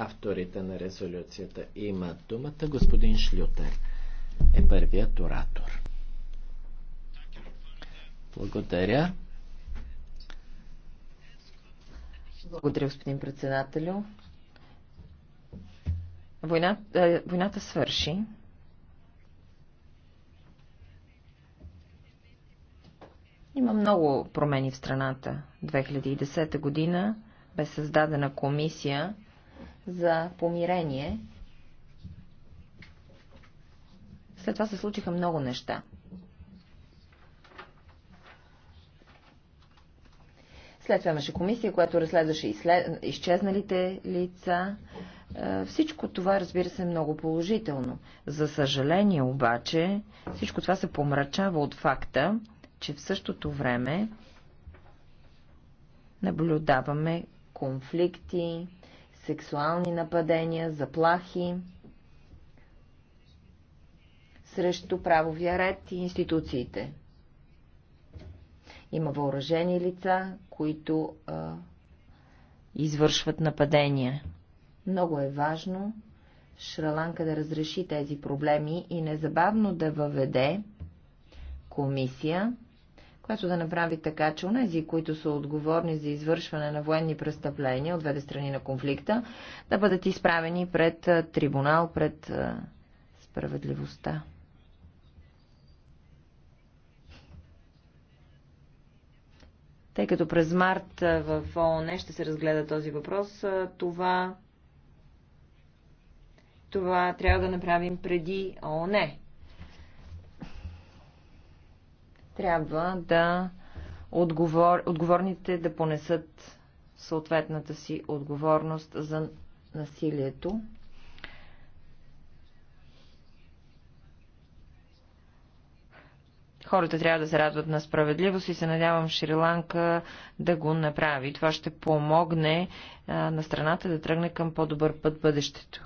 Авторите на резолюцията имат думата. Господин Шлютер е първият оратор. Благодаря. Благодаря, господин председателю. Войната, э, е, войната свърши. Има много промени в страната. 2010 година бе създадена комисия за помирение. След това се случиха много неща. След това имаше комисия, която разследваше изслед... изчезналите лица. Е, всичко това, разбира се, е много положително. За съжаление обаче, всичко това се помрачава от факта, че в същото време наблюдаваме конфликти, сексуални нападения, заплахи срещу правовия ред и институциите. Има въоръжени лица, които а, извършват нападения. Много е важно Шраланка да разреши тези проблеми и незабавно да въведе комисия, която да направи така, че онези, които са отговорни за извършване на военни престъпления от двете страни на конфликта, да бъдат изправени пред трибунал, пред справедливостта. Тъй като през март в ООН ще се разгледа този въпрос, това, това трябва да направим преди ООН. трябва да отговор... отговорните да понесат съответната си отговорност за насилието. Хората трябва да се радват на справедливост и се надявам Шри-Ланка да го направи. Това ще помогне на страната да тръгне към по-добър път бъдещето.